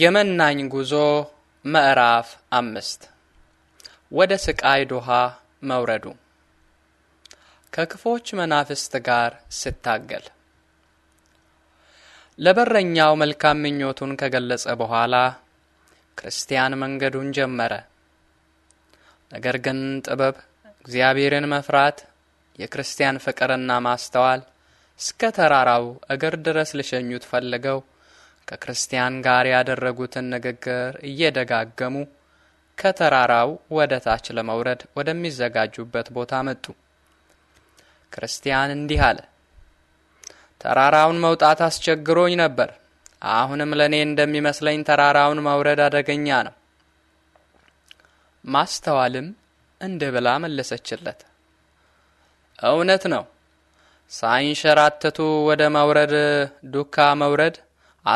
የመናኝ ጉዞ ምዕራፍ አምስት ወደ ስቃይ ዶሃ መውረዱ ከክፎች መናፍስት ጋር ስታገል ለበረኛው መልካም ምኞቱን ከገለጸ በኋላ ክርስቲያን መንገዱን ጀመረ። ነገር ግን ጥበብ፣ እግዚአብሔርን መፍራት፣ የክርስቲያን ፍቅርና ማስተዋል እስከ ተራራው እግር ድረስ ሊሸኙት ፈልገው ከክርስቲያን ጋር ያደረጉትን ንግግር እየደጋገሙ ከተራራው ወደ ታች ለመውረድ ወደሚዘጋጁበት ቦታ መጡ። ክርስቲያን እንዲህ አለ፣ ተራራውን መውጣት አስቸግሮኝ ነበር። አሁንም ለእኔ እንደሚመስለኝ ተራራውን መውረድ አደገኛ ነው። ማስተዋልም እንደ ብላ መለሰችለት፣ እውነት ነው። ሳይንሸራተቱ ወደ መውረድ ዱካ መውረድ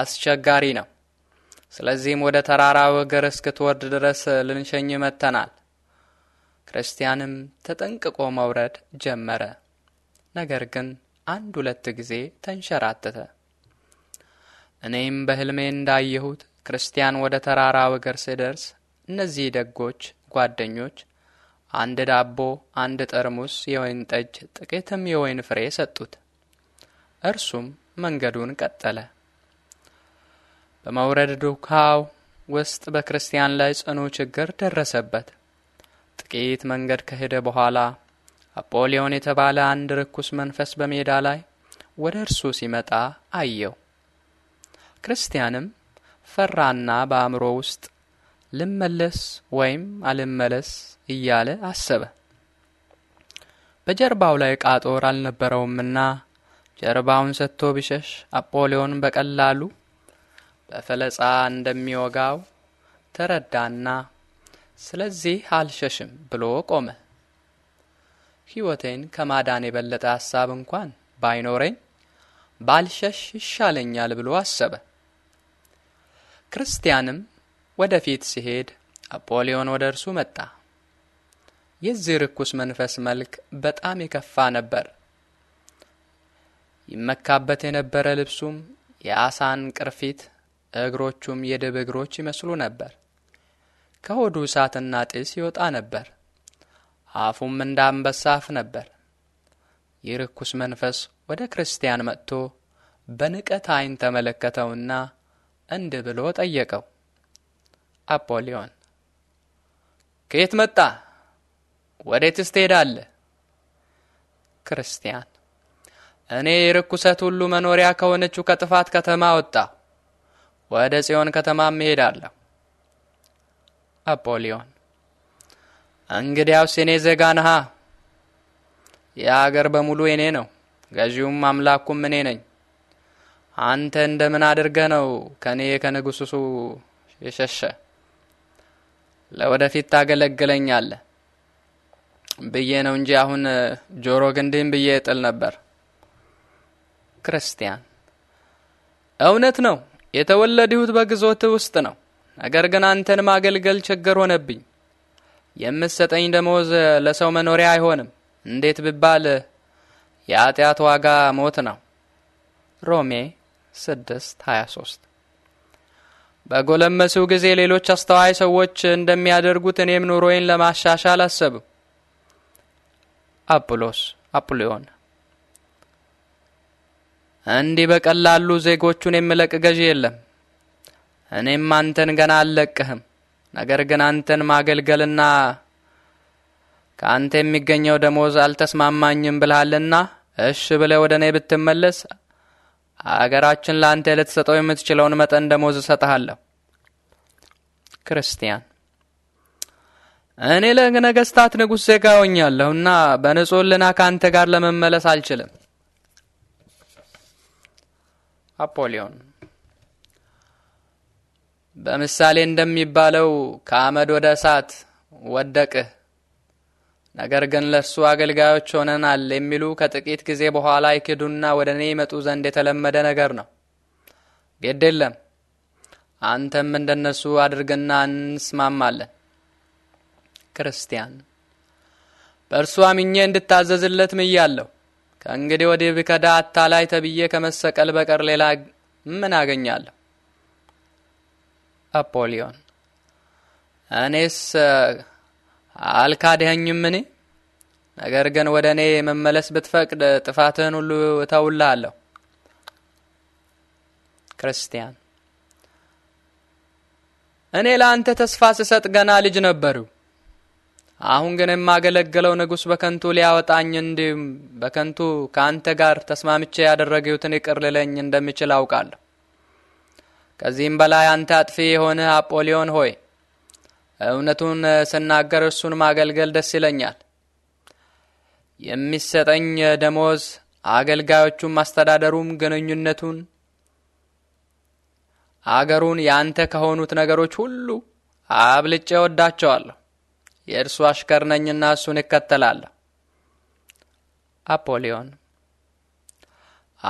አስቸጋሪ ነው። ስለዚህም ወደ ተራራ ወገር እስክትወርድ ድረስ ልንሸኝ መጥተናል። ክርስቲያንም ተጠንቅቆ መውረድ ጀመረ። ነገር ግን አንድ ሁለት ጊዜ ተንሸራተተ። እኔም በሕልሜ እንዳየሁት ክርስቲያን ወደ ተራራ ወገር ሲደርስ እነዚህ ደጎች ጓደኞች አንድ ዳቦ፣ አንድ ጠርሙስ የወይን ጠጅ፣ ጥቂትም የወይን ፍሬ ሰጡት። እርሱም መንገዱን ቀጠለ። በመውረድ ዱካው ውስጥ በክርስቲያን ላይ ጽኑ ችግር ደረሰበት። ጥቂት መንገድ ከሄደ በኋላ አጶሊዮን የተባለ አንድ ርኩስ መንፈስ በሜዳ ላይ ወደ እርሱ ሲመጣ አየው። ክርስቲያንም ፈራና በአእምሮ ውስጥ ልመለስ ወይም አልመለስ እያለ አሰበ። በጀርባው ላይ ዕቃ ጦር አልነበረውምና ጀርባውን ሰጥቶ ቢሸሽ አጶሊዮን በቀላሉ በፈለጻ እንደሚወጋው ተረዳና ስለዚህ አልሸሽም ብሎ ቆመ። ሕይወቴን ከማዳን የበለጠ ሐሳብ እንኳን ባይኖረኝ ባልሸሽ ይሻለኛል ብሎ አሰበ። ክርስቲያንም ወደፊት ሲሄድ አፖሊዮን ወደ እርሱ መጣ። የዚህ ርኩስ መንፈስ መልክ በጣም የከፋ ነበር። ይመካበት የነበረ ልብሱም የአሳን ቅርፊት እግሮቹም የድብ እግሮች ይመስሉ ነበር። ከሆዱ እሳትና ጢስ ይወጣ ነበር። አፉም እንደ አንበሳ አፍ ነበር። ይህ ርኩስ መንፈስ ወደ ክርስቲያን መጥቶ በንቀት ዓይን ተመለከተውና እንድ ብሎ ጠየቀው። አፖሊዮን ከየት መጣ? ወዴትስ ትሄዳለህ? ክርስቲያን እኔ የርኩሰት ሁሉ መኖሪያ ከሆነችው ከጥፋት ከተማ ወጣ ወደ ጽዮን ከተማም እሄዳለሁ። አፖሊዮን እንግዲያውስ የኔ ዜጋ ነሃ። አገር በሙሉ የኔ ነው፣ ገዢውም አምላኩም እኔ ነኝ። አንተ እንደምን አድርገህ ነው ከእኔ ከንጉሡ የሸሸ ለወደፊት ታገለግለኛለህ ብዬ ነው እንጂ አሁን ጆሮ ግንድህን ብዬ እጥል ነበር። ክርስቲያን እውነት ነው የተወለድሁት በግዞት ውስጥ ነው። ነገር ግን አንተን ማገልገል ችግር ሆነብኝ። የምትሰጠኝ ደሞዝ ለሰው መኖሪያ አይሆንም። እንዴት ብባል የኃጢአት ዋጋ ሞት ነው። ሮሜ 23 በጎለመሱ ጊዜ ሌሎች አስተዋይ ሰዎች እንደሚያደርጉት እኔም ኑሮዬን ለማሻሻል አሰብኩ። አጵሎስ አጵሎዮን እንዲህ በቀላሉ ዜጎቹን የሚለቅ ገዢ የለም። እኔም አንተን ገና አልለቅህም። ነገር ግን አንተን ማገልገልና ከአንተ የሚገኘው ደሞዝ አልተስማማኝም ብልሃልና እሽ ብለህ ወደ እኔ ብትመለስ አገራችን ለአንተ ልትሰጠው የምትችለውን መጠን ደሞዝ እሰጥሃለሁ። ክርስቲያን እኔ ለነገስታት ንጉሥ ዜጋ ሆኛለሁና በንጹህ ልና ከአንተ ጋር ለመመለስ አልችልም። አፖሊዮን በምሳሌ እንደሚባለው ከአመድ ወደ እሳት ወደቅህ፣ ነገር ግን ለእርሱ አገልጋዮች ሆነናል የሚሉ ከጥቂት ጊዜ በኋላ ይክዱና ወደ እኔ ይመጡ ዘንድ የተለመደ ነገር ነው። ግድ የለም አንተም እንደነሱ አድርግና እንስማማለን። ክርስቲያን በእርሱ አምኜ እንድታዘዝለት ምያለሁ። ከእንግዲህ ወዲህ ብከዳ አታላይ ተብዬ ከመሰቀል በቀር ሌላ ምን አገኛለሁ? አፖሊዮን እኔስ ምን ነገር ግን ወደ እኔ መመለስ ብትፈቅድ ጥፋትህን ሁሉ እተውልሃለሁ። ክርስቲያን እኔ ለአንተ ተስፋ ስሰጥ ገና ልጅ ነበሩ። አሁን ግን የማገለግለው ንጉሥ በከንቱ ሊያወጣኝ እንዲሁም በከንቱ ከአንተ ጋር ተስማምቼ ያደረገዩትን ይቅር ልለኝ እንደሚችል አውቃለሁ። ከዚህም በላይ አንተ አጥፊ የሆነ አጶሊዮን ሆይ እውነቱን ስናገር እሱን ማገልገል ደስ ይለኛል። የሚሰጠኝ ደሞዝ አገልጋዮቹን ማስተዳደሩም ግንኙነቱን አገሩን የአንተ ከሆኑት ነገሮች ሁሉ አብልጬ ወዳቸዋለሁ። የእርሱ አሽከር ነኝና እሱን እከተላለሁ። አፖሊዮን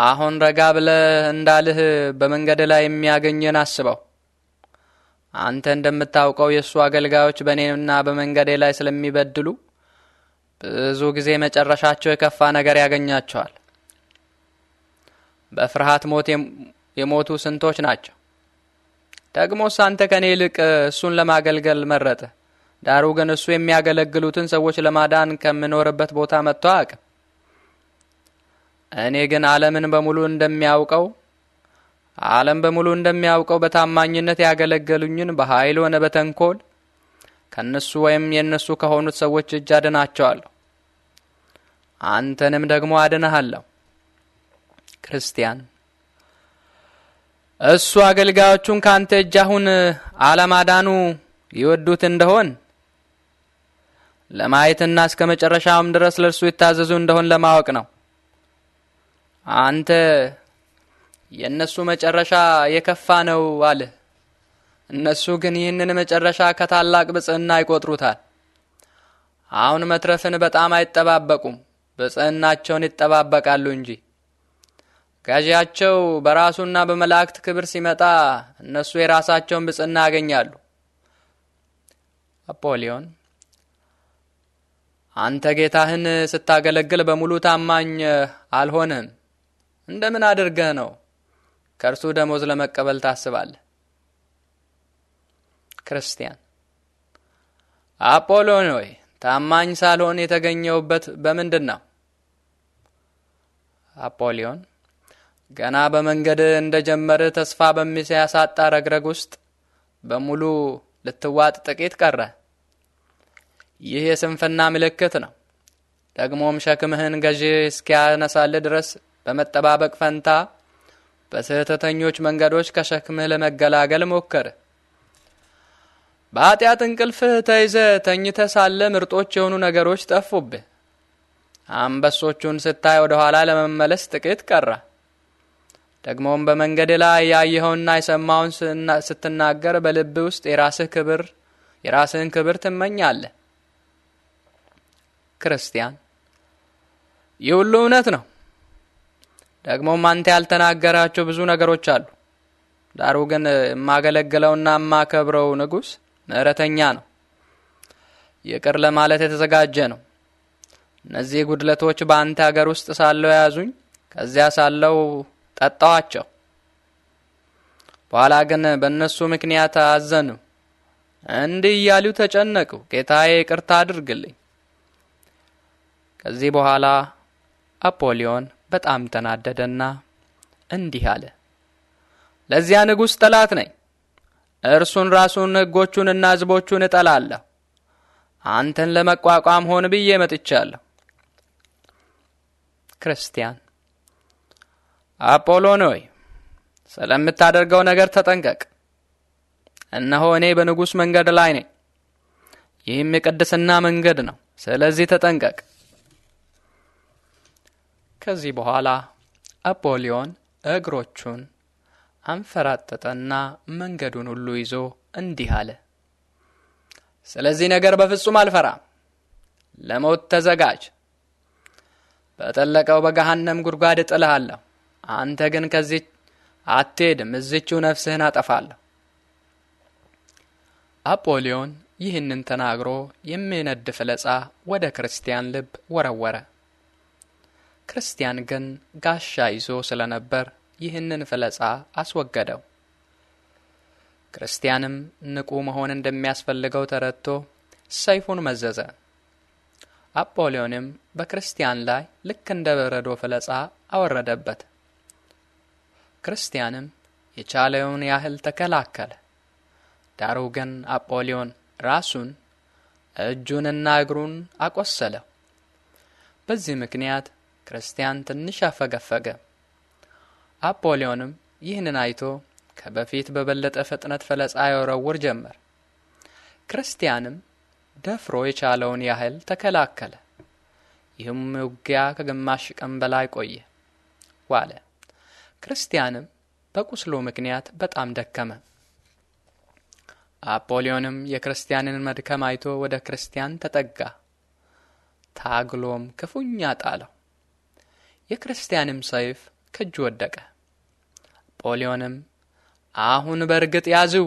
አሁን ረጋ ብለህ እንዳልህ በመንገድ ላይ የሚያገኝን አስበው። አንተ እንደምታውቀው የእሱ አገልጋዮች በእኔና በመንገዴ ላይ ስለሚበድሉ ብዙ ጊዜ መጨረሻቸው የከፋ ነገር ያገኛቸዋል። በፍርሃት ሞት የሞቱ ስንቶች ናቸው። ደግሞስ አንተ ከእኔ ይልቅ እሱን ለማገልገል መረጥህ። ዳሩ ግን እሱ የሚያገለግሉትን ሰዎች ለማዳን ከምኖርበት ቦታ መጥቶ አያውቅም። እኔ ግን ዓለምን በሙሉ እንደሚያውቀው ዓለም በሙሉ እንደሚያውቀው በታማኝነት ያገለገሉኝን በኃይል ሆነ በተንኮል ከእነሱ ወይም የእነሱ ከሆኑት ሰዎች እጅ አድናቸዋለሁ። አንተንም ደግሞ አድንሃለሁ። ክርስቲያን እሱ አገልጋዮቹን ካንተ እጅ አሁን አለማዳኑ ይወዱት እንደሆን ለማየትና እስከ መጨረሻውም ድረስ ለእርሱ ይታዘዙ እንደሆን ለማወቅ ነው። አንተ የእነሱ መጨረሻ የከፋ ነው አልህ። እነሱ ግን ይህንን መጨረሻ ከታላቅ ብጽዕና ይቆጥሩታል። አሁን መትረፍን በጣም አይጠባበቁም፣ ብጽዕናቸውን ይጠባበቃሉ እንጂ ገዢያቸው በራሱና በመላእክት ክብር ሲመጣ እነሱ የራሳቸውን ብጽዕና ያገኛሉ። አፖሊዮን አንተ ጌታህን ስታገለግል በሙሉ ታማኝ አልሆንም። እንደምን አድርገህ ነው ከእርሱ ደሞዝ ለመቀበል ታስባለህ? ክርስቲያን አጶሎን ታማኝ ሳልሆን የተገኘውበት በምንድን ነው? አጶሊዮን ገና በመንገድ እንደ ጀመርህ ተስፋ በሚያሳጣ ረግረግ ውስጥ በሙሉ ልትዋጥ ጥቂት ቀረ። ይህ የስንፍና ምልክት ነው። ደግሞም ሸክምህን ገዢ እስኪያነሳል ድረስ በመጠባበቅ ፈንታ በስህተተኞች መንገዶች ከሸክምህ ለመገላገል ሞከር። በኃጢአት እንቅልፍህ ተይዘ ተኝተ ሳለ ምርጦች የሆኑ ነገሮች ጠፉብህ። አንበሶቹን ስታይ ወደ ኋላ ለመመለስ ጥቂት ቀራ። ደግሞም በመንገድ ላይ ያየኸውና የሰማውን ስትናገር በልብ ውስጥ የራስህ ክብር የራስህን ክብር ትመኛለህ። ክርስቲያን ይህ ሁሉ እውነት ነው። ደግሞም አንተ ያልተናገራቸው ብዙ ነገሮች አሉ። ዳሩ ግን የማገለግለውና የማከብረው ንጉሥ ምሕረተኛ ነው፣ ይቅር ለማለት የተዘጋጀ ነው። እነዚህ ጉድለቶች በአንተ አገር ውስጥ ሳለው የያዙኝ፣ ከዚያ ሳለው ጠጣዋቸው። በኋላ ግን በእነሱ ምክንያት አዘኑ። እንዲህ እያሉ ተጨነቁ፣ ጌታዬ ይቅርታ አድርግልኝ ከዚህ በኋላ አፖሊዮን በጣም ተናደደና እንዲህ አለ፣ ለዚያ ንጉሥ ጠላት ነኝ። እርሱን ራሱን ሕጎቹንና ሕዝቦቹን እጠላለሁ። አንተን ለመቋቋም ሆን ብዬ መጥቻለሁ። ክርስቲያን አፖሎን ሆይ ስለምታደርገው ነገር ተጠንቀቅ። እነሆ እኔ በንጉሥ መንገድ ላይ ነኝ። ይህም የቅድስና መንገድ ነው። ስለዚህ ተጠንቀቅ። ከዚህ በኋላ አፖሊዮን እግሮቹን አንፈራጠጠና መንገዱን ሁሉ ይዞ እንዲህ አለ፣ ስለዚህ ነገር በፍጹም አልፈራም። ለሞት ተዘጋጅ፣ በጠለቀው በገሃነም ጉድጓድ እጥልሃለሁ። አንተ ግን ከዚህ አትሄድም፣ እዚችው ነፍስህን አጠፋለሁ። አፖሊዮን ይህንን ተናግሮ የሚነድ ፍለጻ ወደ ክርስቲያን ልብ ወረወረ። ክርስቲያን ግን ጋሻ ይዞ ስለነበር ይህንን ፍለጻ አስወገደው። ክርስቲያንም ንቁ መሆን እንደሚያስፈልገው ተረድቶ ሰይፉን መዘዘ። አፖሊዮንም በክርስቲያን ላይ ልክ እንደ በረዶ ፍለጻ አወረደበት። ክርስቲያንም የቻለውን ያህል ተከላከለ። ዳሩ ግን አጶሊዮን ራሱን እጁንና እግሩን አቆሰለው። በዚህ ምክንያት ክርስቲያን ትንሽ አፈገፈገ። አፖሊዮንም ይህንን አይቶ ከበፊት በበለጠ ፍጥነት ፈለጻ ያወረውር ጀመር። ክርስቲያንም ደፍሮ የቻለውን ያህል ተከላከለ። ይህም ውጊያ ከግማሽ ቀን በላይ ቆየ ዋለ። ክርስቲያንም በቁስሉ ምክንያት በጣም ደከመ። አፖሊዮንም የክርስቲያንን መድከም አይቶ ወደ ክርስቲያን ተጠጋ፣ ታግሎም ክፉኛ ጣለው። የክርስቲያንም ሰይፍ ከእጁ ወደቀ። ጶሊዮንም አሁን በእርግጥ ያዝው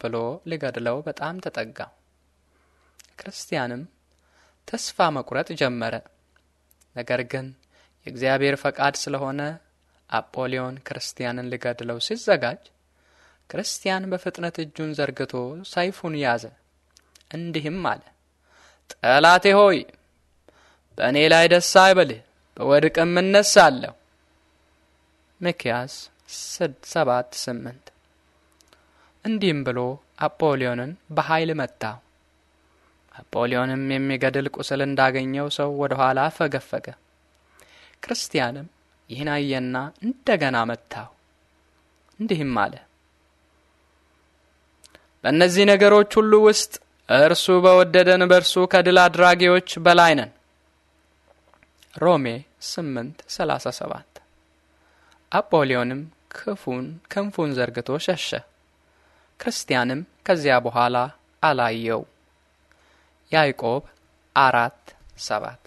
ብሎ ሊገድለው በጣም ተጠጋ። ክርስቲያንም ተስፋ መቁረጥ ጀመረ። ነገር ግን የእግዚአብሔር ፈቃድ ስለሆነ አጶሊዮን ክርስቲያንን ሊገድለው ሲዘጋጅ ክርስቲያን በፍጥነት እጁን ዘርግቶ ሰይፉን ያዘ። እንዲህም አለ፣ ጠላቴ ሆይ በእኔ ላይ ደስ አይበልህ በወርቅም እነሳለሁ። ሚክያስ ሰባት ስምንት እንዲህም ብሎ አፖሊዮንን በኃይል መታው። አፖሊዮንም የሚገድል ቁስል እንዳገኘው ሰው ወደ ኋላ ፈገፈገ። ክርስቲያንም ይህን አየና እንደገና መታው። እንዲህም አለ፣ በእነዚህ ነገሮች ሁሉ ውስጥ እርሱ በወደደን በእርሱ ከድል አድራጊዎች በላይ ነን። ሮሜ ስምንት ሰላሳ ሰባት አፖሊዮንም ክፉን ክንፉን ዘርግቶ ሸሸ። ክርስቲያንም ከዚያ በኋላ አላየው። ያዕቆብ አራት ሰባት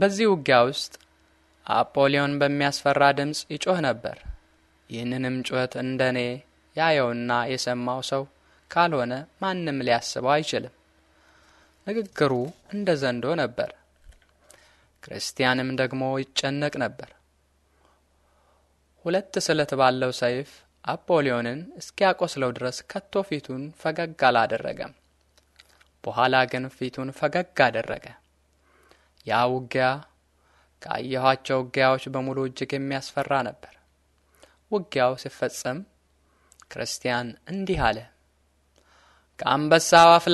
በዚህ ውጊያ ውስጥ አፖሊዮን በሚያስፈራ ድምፅ ይጮህ ነበር። ይህንንም ጩኸት እንደ እኔ ያየውና የሰማው ሰው ካልሆነ ማንም ሊያስበው አይችልም። ንግግሩ እንደ ዘንዶ ነበር። ክርስቲያንም ደግሞ ይጨነቅ ነበር። ሁለት ስለት ባለው ሰይፍ አፖሊዮንን እስኪያቆስለው ድረስ ከቶ ፊቱን ፈገግ አላደረገም። በኋላ ግን ፊቱን ፈገግ አደረገ። ያ ውጊያ ካየኋቸው ውጊያዎች በሙሉ እጅግ የሚያስፈራ ነበር። ውጊያው ሲፈጸም ክርስቲያን እንዲህ አለ፣ ከአንበሳው አፍ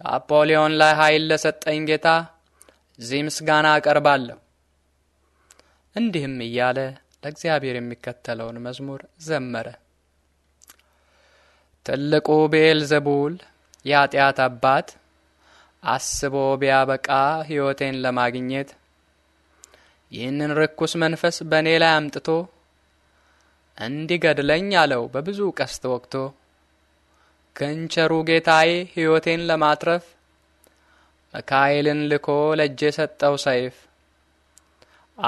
ከአፖሊዮን ላይ ኃይል ለሰጠኝ ጌታ እዚህ ምስጋና አቀርባለሁ። እንዲህም እያለ ለእግዚአብሔር የሚከተለውን መዝሙር ዘመረ። ትልቁ ቤልዘቡል የኃጢአት አባት አስቦ ቢያበቃ ሕይወቴን ለማግኘት ይህንን ርኩስ መንፈስ በእኔ ላይ አምጥቶ እንዲገድለኝ አለው በብዙ ቀስት ወቅቶ ክንቸሩ ጌታዬ ሕይወቴን ለማትረፍ መካኤልን ልኮ ለእጄ ሰጠው ሰይፍ።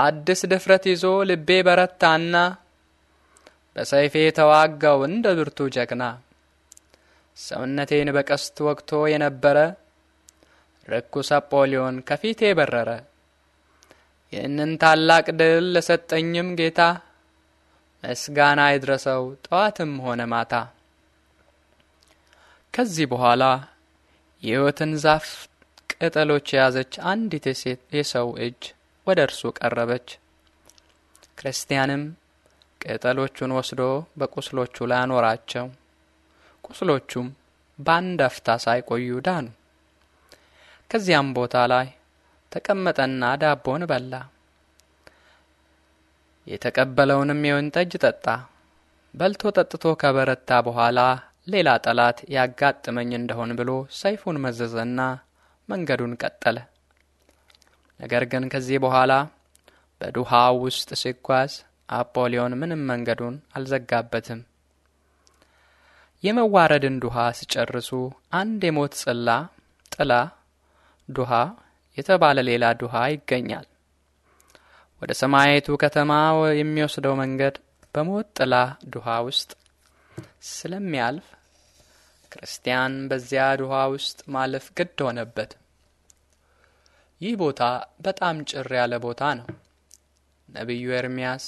አዲስ ድፍረት ይዞ ልቤ በረታና በሰይፌ ተዋጋው እንደ ብርቱ ጀግና። ሰውነቴን በቀስት ወቅቶ የነበረ ርኩስ አጶሊዮን ከፊቴ በረረ። ይህንን ታላቅ ድል ለሰጠኝም ጌታ ምስጋና ይድረሰው ጠዋትም ሆነ ማታ። ከዚህ በኋላ የሕይወትን ዛፍ ቅጠሎች የያዘች አንዲት የሰው እጅ ወደ እርሱ ቀረበች። ክርስቲያንም ቅጠሎቹን ወስዶ በቁስሎቹ ላይ አኖራቸው። ቁስሎቹም በአንድ አፍታ ሳይቆዩ ዳኑ። ከዚያም ቦታ ላይ ተቀመጠና ዳቦን በላ። የተቀበለውንም የወይን ጠጅ ጠጣ። በልቶ ጠጥቶ ከበረታ በኋላ ሌላ ጠላት ያጋጥመኝ እንደሆን ብሎ ሰይፉን መዘዘና መንገዱን ቀጠለ። ነገር ግን ከዚህ በኋላ በዱሃ ውስጥ ሲጓዝ አፖሊዮን ምንም መንገዱን አልዘጋበትም። የመዋረድን ዱሃ ሲጨርሱ አንድ የሞት ጽላ ጥላ ዱሃ የተባለ ሌላ ዱሃ ይገኛል። ወደ ሰማያዊቱ ከተማ የሚወስደው መንገድ በሞት ጥላ ዱሃ ውስጥ ስለሚያልፍ ክርስቲያን በዚያ ድኋ ውስጥ ማለፍ ግድ ሆነበት። ይህ ቦታ በጣም ጭር ያለ ቦታ ነው። ነቢዩ ኤርምያስ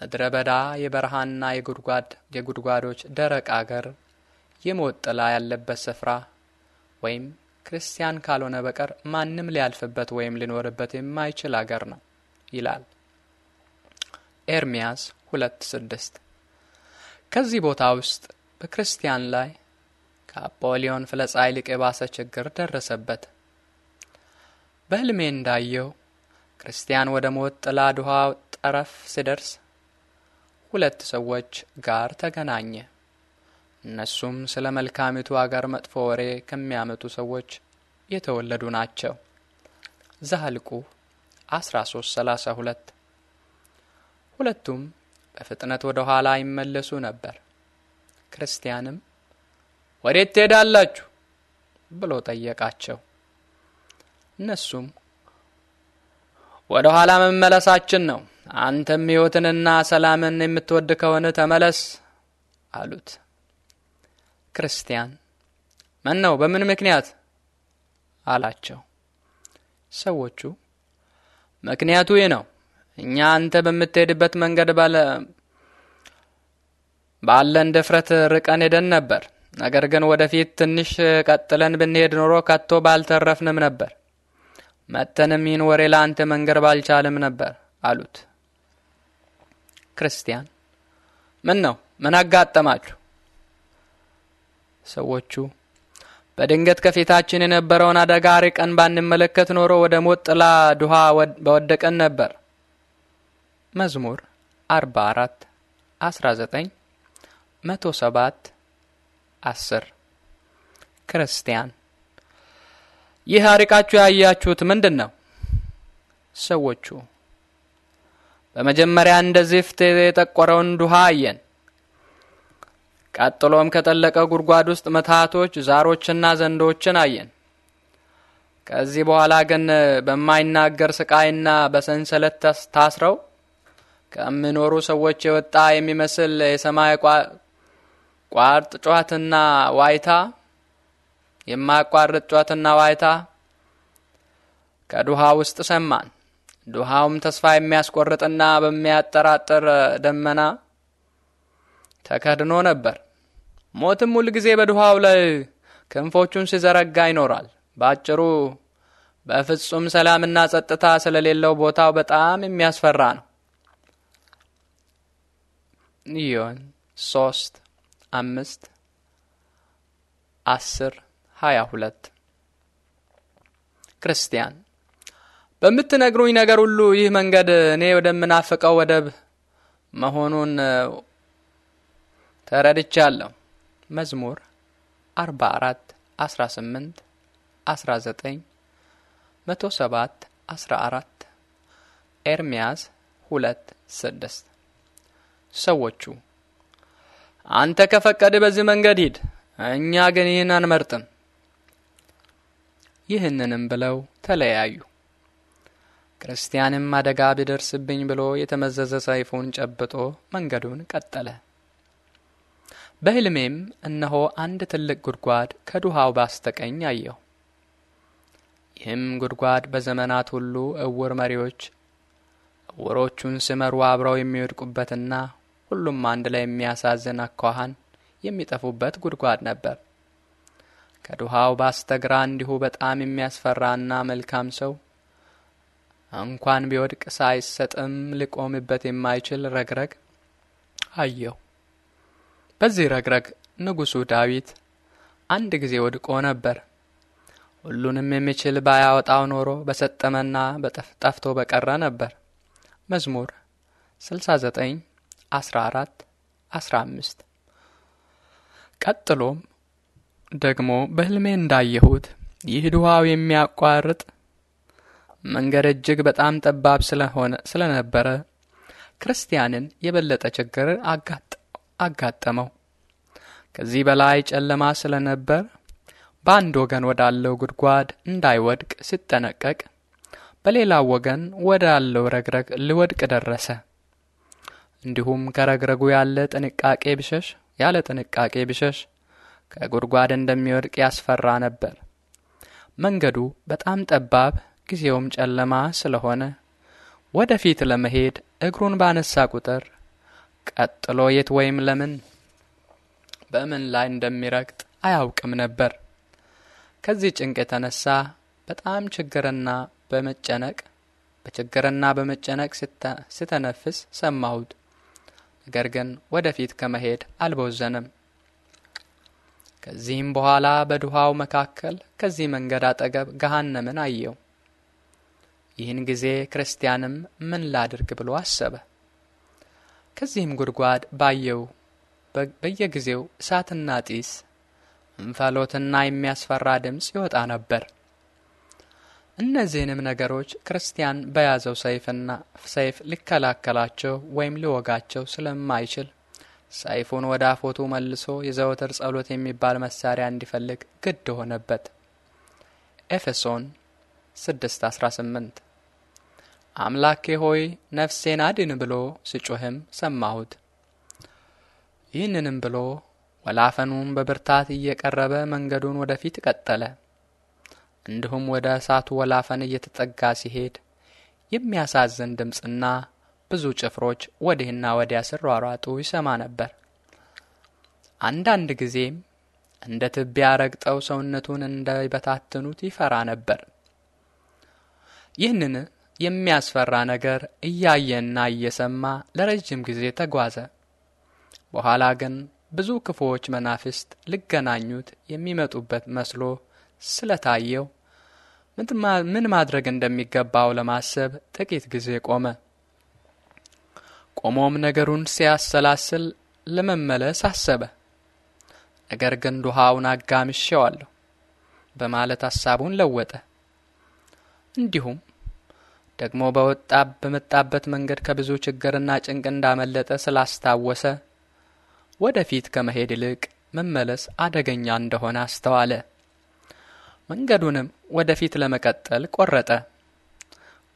ምድረ በዳ የበረሃና የጉድጓድ የጉድጓዶች ደረቅ አገር የሞት ጥላ ያለበት ስፍራ ወይም ክርስቲያን ካልሆነ በቀር ማንም ሊያልፍበት ወይም ሊኖርበት የማይችል አገር ነው ይላል ኤርምያስ ሁለት ስድስት ከዚህ ቦታ ውስጥ በክርስቲያን ላይ ከአፖሊዮን ፍለጻ ይልቅ የባሰ ችግር ደረሰበት። በሕልሜ እንዳየው ክርስቲያን ወደ ሞት ጥላ ድኋ ጠረፍ ሲደርስ ሁለት ሰዎች ጋር ተገናኘ። እነሱም ስለ መልካሚቱ አገር መጥፎ ወሬ ከሚያመጡ ሰዎች የተወለዱ ናቸው። ዘኍልቍ 13፥32 ሁለቱም በፍጥነት ወደ ኋላ ይመለሱ ነበር። ክርስቲያንም ወዴት ትሄዳላችሁ ብሎ ጠየቃቸው። እነሱም ወደ ኋላ መመለሳችን ነው፣ አንተም ሕይወትንና ሰላምን የምትወድ ከሆነ ተመለስ አሉት። ክርስቲያን ምን ነው በምን ምክንያት አላቸው። ሰዎቹ ምክንያቱ ይህ ነው፣ እኛ አንተ በምትሄድበት መንገድ ባለን ድፍረት ርቀን ሄደን ነበር ነገር ግን ወደፊት ትንሽ ቀጥለን ብንሄድ ኖሮ ከቶ ባልተረፍንም ነበር፣ መተንም ይህን ወሬ ለአንተ መንገር ባልቻልም ነበር አሉት። ክርስቲያን ምን ነው ምን አጋጠማችሁ? ሰዎቹ በድንገት ከፊታችን የነበረውን አደጋ ርቀን ባንመለከት ኖሮ ወደ ሞት ጥላ ድሃ በወደቀን ነበር። መዝሙር 44 19 107 አስር ክርስቲያን ይህ አርቃችሁ ያያችሁት ምንድን ነው? ሰዎቹ በመጀመሪያ እንደ ዚፍት የጠቆረውን ዱሃ አየን። ቀጥሎም ከጠለቀ ጉድጓድ ውስጥ መታቶች፣ ዛሮችና ዘንዶችን አየን። ከዚህ በኋላ ግን በማይናገር ስቃይና በሰንሰለት ታስረው ከሚኖሩ ሰዎች የወጣ የሚመስል የሰማይ ቋርጥ ጨዋትና ዋይታ የማያቋርጥ ጨዋትና ዋይታ ከዱሃ ውስጥ ሰማን። ዱሃውም ተስፋ የሚያስቆርጥና በሚያጠራጥር ደመና ተከድኖ ነበር። ሞትም ሁል ጊዜ በዱሃው ላይ ክንፎቹን ሲዘረጋ ይኖራል። በአጭሩ በፍጹም ሰላምና ጸጥታ ስለሌለው ቦታው በጣም የሚያስፈራ ነው። ይሆን ሶስት አምስት አስር ሀያ ሁለት ክርስቲያን በምትነግሩኝ ነገር ሁሉ ይህ መንገድ እኔ ወደምናፍቀው ወደብ መሆኑን ተረድቻለሁ። መዝሙር 44 18 19 107 14 ኤርምያስ 2 6 ሰዎቹ አንተ ከፈቀድ በዚህ መንገድ ሂድ፣ እኛ ግን ይህን አንመርጥም። ይህንንም ብለው ተለያዩ። ክርስቲያንም አደጋ ቢደርስብኝ ብሎ የተመዘዘ ሰይፉን ጨብጦ መንገዱን ቀጠለ። በሕልሜም እነሆ አንድ ትልቅ ጉድጓድ ከዱሃው ባስተቀኝ አየሁ። ይህም ጉድጓድ በዘመናት ሁሉ እውር መሪዎች እውሮቹን ሲመሩ አብረው የሚወድቁበትና ሁሉም አንድ ላይ የሚያሳዝን አኳኋን የሚጠፉበት ጉድጓድ ነበር። ከዱሃው ባስተግራ እንዲሁ በጣም የሚያስፈራና መልካም ሰው እንኳን ቢወድቅ ሳይሰጥም ሊቆምበት የማይችል ረግረግ አየሁ። በዚህ ረግረግ ንጉሡ ዳዊት አንድ ጊዜ ወድቆ ነበር። ሁሉንም የሚችል ባያወጣው ኖሮ በሰጠመና በጠፍቶ በቀረ ነበር። መዝሙር 69 14 15 ቀጥሎም ደግሞ በህልሜ እንዳየሁት ይህ ድኋው የሚያቋርጥ መንገድ እጅግ በጣም ጠባብ ስለሆነ ስለነበረ ክርስቲያንን የበለጠ ችግር አጋጠመው። ከዚህ በላይ ጨለማ ስለነበር በአንድ ወገን ወዳለው ጉድጓድ እንዳይወድቅ ሲጠነቀቅ፣ በሌላው ወገን ወዳለው ረግረግ ሊወድቅ ደረሰ። እንዲሁም ከረግረጉ ያለ ጥንቃቄ ቢሸሽ ያለ ጥንቃቄ ቢሸሽ ከጉድጓድ እንደሚወድቅ ያስፈራ ነበር። መንገዱ በጣም ጠባብ፣ ጊዜውም ጨለማ ስለሆነ ወደ ፊት ለመሄድ እግሩን ባነሳ ቁጥር ቀጥሎ የት ወይም ለምን በምን ላይ እንደሚረግጥ አያውቅም ነበር። ከዚህ ጭንቅ የተነሳ በጣም ችግርና በመጨነቅ በችግርና በመጨነቅ ስተነፍስ ሰማሁት። ነገር ግን ወደፊት ከመሄድ አልቦዘንም። ከዚህም በኋላ በድኋው መካከል ከዚህ መንገድ አጠገብ ገሃነምን አየው። ይህን ጊዜ ክርስቲያንም ምን ላድርግ ብሎ አሰበ። ከዚህም ጉድጓድ ባየው በየጊዜው እሳትና ጢስ እንፈሎትና የሚያስፈራ ድምፅ ይወጣ ነበር። እነዚህንም ነገሮች ክርስቲያን በያዘው ሰይፍና ሰይፍ ሊከላከላቸው ወይም ሊወጋቸው ስለማይችል ሰይፉን ወደ አፎቱ መልሶ የዘወትር ጸሎት የሚባል መሳሪያ እንዲፈልግ ግድ ሆነበት። ኤፌሶን 6:18 አምላኬ ሆይ ነፍሴን አድን ብሎ ሲጮህም ሰማሁት። ይህንንም ብሎ ወላፈኑን በብርታት እየቀረበ መንገዱን ወደፊት ቀጠለ። እንዲሁም ወደ እሳቱ ወላፈን እየተጠጋ ሲሄድ የሚያሳዝን ድምፅና ብዙ ጭፍሮች ወዲህና ወዲያ ስሯሯጡ ይሰማ ነበር። አንዳንድ ጊዜም እንደ ትቢያ ረግጠው ሰውነቱን እንዳይበታትኑት ይፈራ ነበር። ይህንን የሚያስፈራ ነገር እያየና እየሰማ ለረጅም ጊዜ ተጓዘ። በኋላ ግን ብዙ ክፉዎች መናፍስት ሊገናኙት የሚመጡበት መስሎ ስለታየው ምን ማድረግ እንደሚገባው ለማሰብ ጥቂት ጊዜ ቆመ። ቆሞም ነገሩን ሲያሰላስል ለመመለስ አሰበ። ነገር ግን ዱሃውን አጋምሼዋለሁ በማለት ሐሳቡን ለወጠ። እንዲሁም ደግሞ በወጣ በመጣበት መንገድ ከብዙ ችግርና ጭንቅ እንዳመለጠ ስላስታወሰ ወደፊት ከመሄድ ይልቅ መመለስ አደገኛ እንደሆነ አስተዋለ። መንገዱንም ወደፊት ለመቀጠል ቆረጠ።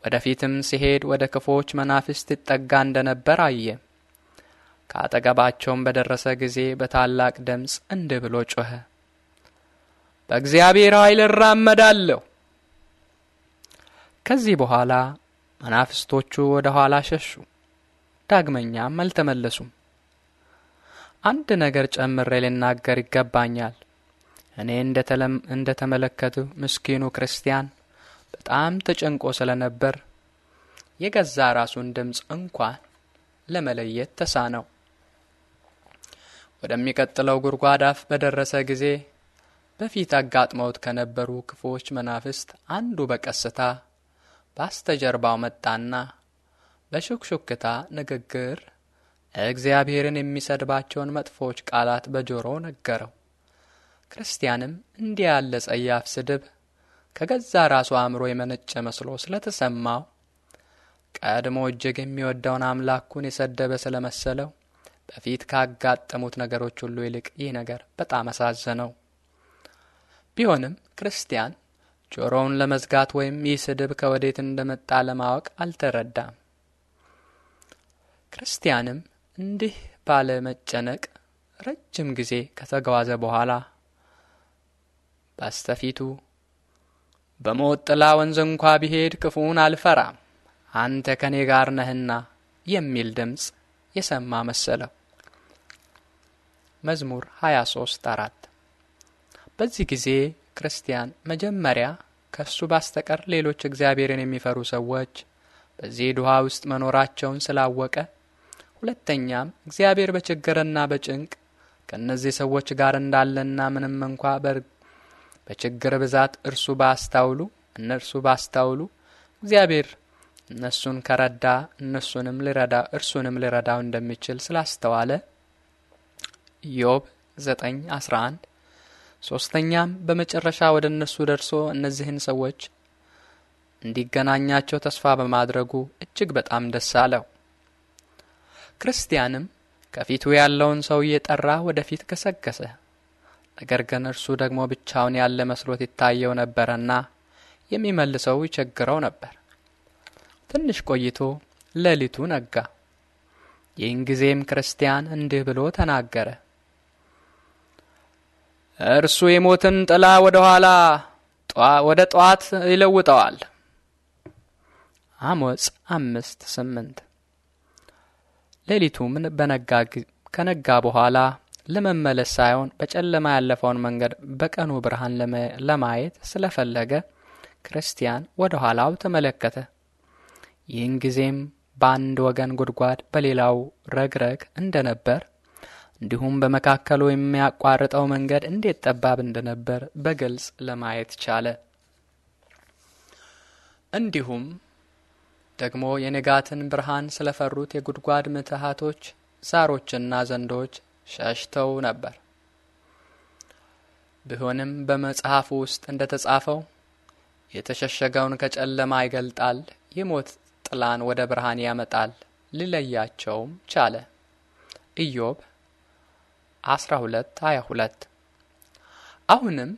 ወደፊትም ሲሄድ ወደ ክፎች መናፍስት ይጠጋ እንደነበር አየ። ከአጠገባቸውም በደረሰ ጊዜ በታላቅ ድምፅ እንዲህ ብሎ ጮኸ፣ በእግዚአብሔር ኃይል እራመዳለሁ። ከዚህ በኋላ መናፍስቶቹ ወደ ኋላ ሸሹ፣ ዳግመኛም አልተመለሱም። አንድ ነገር ጨምሬ ልናገር ይገባኛል። እኔ እንደ ተመለከቱ ምስኪኑ ክርስቲያን በጣም ተጨንቆ ስለነበር የገዛ ራሱን ድምፅ እንኳን ለመለየት ተሳነው። ወደሚቀጥለው ጉድጓድ አፍ በደረሰ ጊዜ በፊት አጋጥመውት ከነበሩ ክፉዎች መናፍስት አንዱ በቀስታ ባስተጀርባው መጣና በሹክሹክታ ንግግር እግዚአብሔርን የሚሰድባቸውን መጥፎዎች ቃላት በጆሮው ነገረው። ክርስቲያንም እንዲህ ያለ ጸያፍ ስድብ ከገዛ ራሱ አእምሮ የመነጨ መስሎ ስለተሰማው ቀድሞ እጅግ የሚወደውን አምላኩን የሰደበ ስለመሰለው በፊት ካጋጠሙት ነገሮች ሁሉ ይልቅ ይህ ነገር በጣም አሳዘነው። ቢሆንም ክርስቲያን ጆሮውን ለመዝጋት ወይም ይህ ስድብ ከወዴት እንደመጣ ለማወቅ አልተረዳም። ክርስቲያንም እንዲህ ባለ መጨነቅ ረጅም ጊዜ ከተጓዘ በኋላ በስተፊቱ በሞት ጥላ ወንዝ እንኳ ቢሄድ ክፉን አልፈራም አንተ ከኔ ጋር ነህና የሚል ድምፅ የሰማ መሰለው። መዝሙር 23 አራት በዚህ ጊዜ ክርስቲያን መጀመሪያ ከእሱ ባስተቀር ሌሎች እግዚአብሔርን የሚፈሩ ሰዎች በዚህ ድሃ ውስጥ መኖራቸውን ስላወቀ፣ ሁለተኛም እግዚአብሔር በችግርና በጭንቅ ከእነዚህ ሰዎች ጋር እንዳለና ምንም እንኳ በችግር ብዛት እርሱ ባስታውሉ እነርሱ ባስታውሉ እግዚአብሔር እነሱን ከረዳ እነሱንም ልረዳ እርሱንም ሊረዳው እንደሚችል ስላስተዋለ ኢዮብ 9 11 ሶስተኛም በመጨረሻ ወደ እነሱ ደርሶ እነዚህን ሰዎች እንዲገናኛቸው ተስፋ በማድረጉ እጅግ በጣም ደስ አለው። ክርስቲያንም ከፊቱ ያለውን ሰው እየጠራ ወደፊት ገሰገሰ። ነገር ግን እርሱ ደግሞ ብቻውን ያለ መስሎት ይታየው ነበረና የሚመልሰው ይቸግረው ነበር። ትንሽ ቆይቶ ሌሊቱ ነጋ። ይህን ጊዜም ክርስቲያን እንዲህ ብሎ ተናገረ። እርሱ የሞትን ጥላ ወደ ኋላ ወደ ጠዋት ይለውጠዋል። አሞጽ አምስት ስምንት ሌሊቱም በነጋ ከነጋ በኋላ ለመመለስ ሳይሆን በጨለማ ያለፈውን መንገድ በቀኑ ብርሃን ለማየት ስለፈለገ ክርስቲያን ወደ ኋላው ተመለከተ። ይህን ጊዜም በአንድ ወገን ጉድጓድ በሌላው ረግረግ እንደነበር እንዲሁም በመካከሉ የሚያቋርጠው መንገድ እንዴት ጠባብ እንደነበር በግልጽ ለማየት ቻለ። እንዲሁም ደግሞ የንጋትን ብርሃን ስለፈሩት የጉድጓድ ምትሃቶች፣ ሳሮችና ዘንዶች ሸሽተው ነበር። ቢሆንም በመጽሐፉ ውስጥ እንደ ተጻፈው የተሸሸገውን ከጨለማ ይገልጣል፣ የሞት ጥላን ወደ ብርሃን ያመጣል፣ ሊለያቸውም ቻለ። ኢዮብ 12:22 አሁንም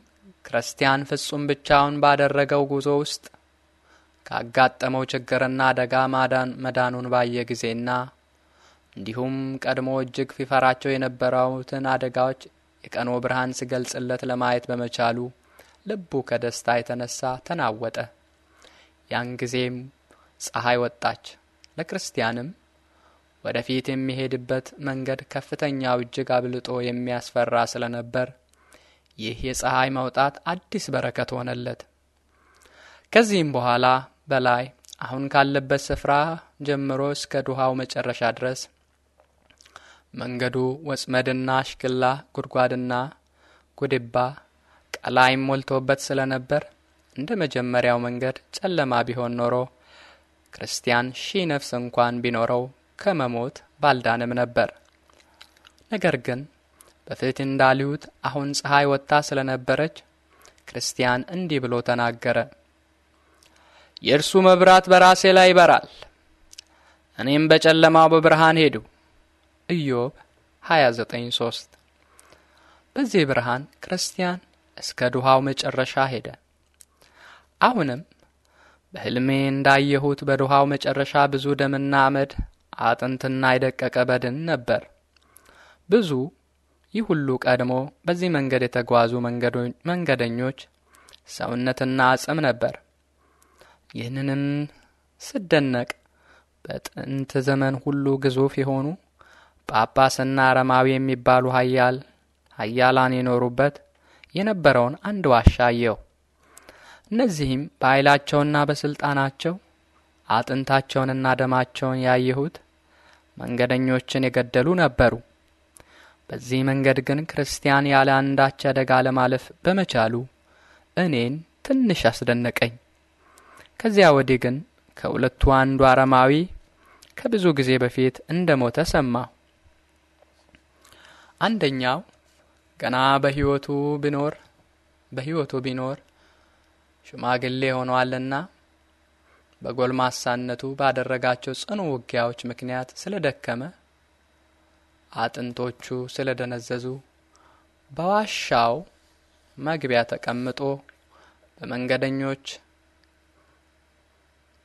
ክርስቲያን ፍጹም ብቻውን ባደረገው ጉዞ ውስጥ ካጋጠመው ችግርና አደጋ መዳኑን ባየ ጊዜና እንዲሁም ቀድሞ እጅግ ፊፈራቸው የነበረውትን አደጋዎች የቀኖ ብርሃን ሲገልጽለት ለማየት በመቻሉ ልቡ ከደስታ የተነሳ ተናወጠ። ያን ጊዜም ፀሐይ ወጣች። ለክርስቲያንም ወደፊት የሚሄድበት መንገድ ከፍተኛው እጅግ አብልጦ የሚያስፈራ ስለነበር ይህ የፀሐይ መውጣት አዲስ በረከት ሆነለት። ከዚህም በኋላ በላይ አሁን ካለበት ስፍራ ጀምሮ እስከ ዱሃው መጨረሻ ድረስ መንገዱ ወጽመድና አሽክላ ጉድጓድና ጉድባ ቀላይም ሞልቶበት ስለ ነበር እንደ መጀመሪያው መንገድ ጨለማ ቢሆን ኖሮ ክርስቲያን ሺህ ነፍስ እንኳን ቢኖረው ከመሞት ባልዳንም ነበር። ነገር ግን በፊት እንዳልዩት አሁን ፀሐይ ወጥታ ስለ ነበረች ክርስቲያን እንዲህ ብሎ ተናገረ። የእርሱ መብራት በራሴ ላይ ይበራል፣ እኔም በጨለማው በብርሃን ሄዱ። ኢዮብ 293 በዚህ ብርሃን ክርስቲያን እስከ ዱሃው መጨረሻ ሄደ። አሁንም በሕልሜ እንዳየሁት በዱሃው መጨረሻ ብዙ ደምና አመድ አጥንትና የደቀቀ በድን ነበር። ብዙ ይህ ሁሉ ቀድሞ በዚህ መንገድ የተጓዙ መንገደኞች ሰውነትና አጽም ነበር። ይህንንም ስደነቅ በጥንት ዘመን ሁሉ ግዙፍ የሆኑ ጳጳስና አረማዊ የሚባሉ ሀያል ሀያላን የኖሩበት የነበረውን አንድ ዋሻ አየው። እነዚህም በኃይላቸውና በስልጣናቸው አጥንታቸውንና ደማቸውን ያየሁት መንገደኞችን የገደሉ ነበሩ። በዚህ መንገድ ግን ክርስቲያን ያለ አንዳች አደጋ ለማለፍ በመቻሉ እኔን ትንሽ አስደነቀኝ። ከዚያ ወዲህ ግን ከሁለቱ አንዱ አረማዊ ከብዙ ጊዜ በፊት እንደ ሞተ ሰማሁ። አንደኛው ገና በህይወቱ ቢኖር በህይወቱ ቢኖር ሽማግሌ ሆኗልና በጎልማሳነቱ ባደረጋቸው ጽኑ ውጊያዎች ምክንያት ስለደከመ አጥንቶቹ ስለደነዘዙ በዋሻው መግቢያ ተቀምጦ በመንገደኞች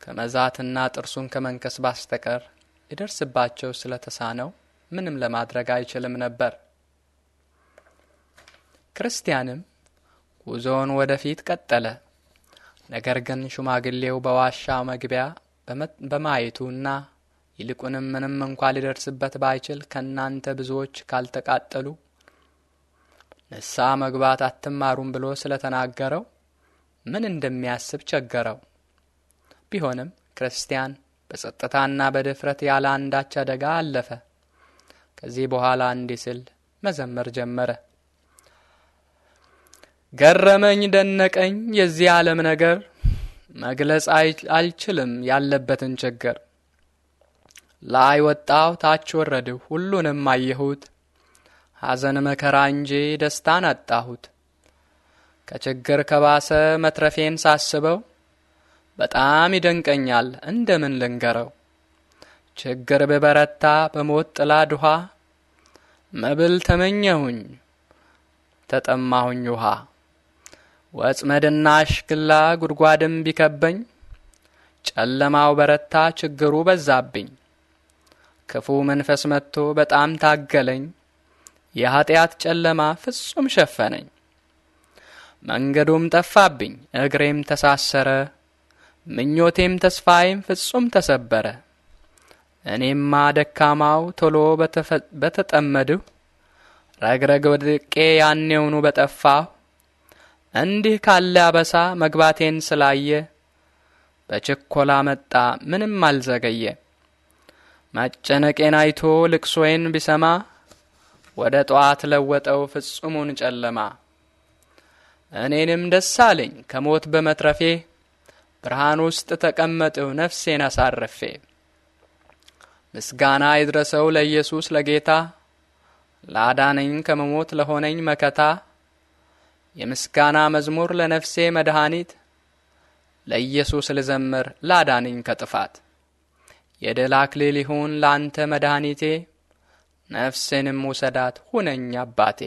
ከመዛትና ጥርሱን ከመንከስ ባስተቀር ሊደርስባቸው ተሳነው ምንም ለማድረግ አይችልም ነበር። ክርስቲያንም ጉዞውን ወደፊት ቀጠለ። ነገር ግን ሽማግሌው በዋሻ መግቢያ በማየቱና ይልቁንም ምንም እንኳ ሊደርስበት ባይችል ከእናንተ ብዙዎች ካልተቃጠሉ ንስሐ መግባት አትማሩም ብሎ ስለተናገረው ምን እንደሚያስብ ቸገረው። ቢሆንም ክርስቲያን በጸጥታና በድፍረት ያለ አንዳች አደጋ አለፈ። ከዚህ በኋላ እንዲህ ሲል መዘመር ጀመረ። ገረመኝ ደነቀኝ የዚህ ዓለም ነገር መግለጽ አልችልም ያለበትን ችግር። ላይ ወጣሁ ታች ወረድሁ ሁሉንም አየሁት፣ ሐዘን መከራ እንጂ ደስታን አጣሁት። ከችግር ከባሰ መትረፌን ሳስበው በጣም ይደንቀኛል እንደምን ልንገረው። ችግር ብበረታ በሞት ጥላ ድኋ መብል ተመኘሁኝ ተጠማሁኝ ውሃ ወጽመድና አሽክላ ጉድጓድም ቢከበኝ ጨለማው በረታ ችግሩ በዛብኝ ክፉ መንፈስ መጥቶ በጣም ታገለኝ የኀጢአት ጨለማ ፍጹም ሸፈነኝ መንገዱም ጠፋብኝ እግሬም ተሳሰረ ምኞቴም ተስፋዬም ፍጹም ተሰበረ እኔማ ደካማው ቶሎ በተጠመድሁ ረግረግ ወድቄ ያኔውኑ በጠፋሁ። እንዲህ ካለ አበሳ መግባቴን ስላየ በችኮላ መጣ ምንም አልዘገየ። መጨነቄን አይቶ ልቅሶዬን ቢሰማ ወደ ጠዋት ለወጠው ፍጹሙን ጨለማ። እኔንም ደስ አለኝ ከሞት በመትረፌ ብርሃን ውስጥ ተቀመጥሁ ነፍሴን አሳርፌ። ምስጋና ይድረሰው ለኢየሱስ ለጌታ ላዳነኝ ከመሞት ለሆነኝ መከታ የምስጋና መዝሙር ለነፍሴ መድኃኒት ለኢየሱስ ልዘምር ላዳነኝ ከጥፋት የድል አክሊል ይሁን ለአንተ መድኃኒቴ ነፍሴንም ውሰዳት ሁነኝ አባቴ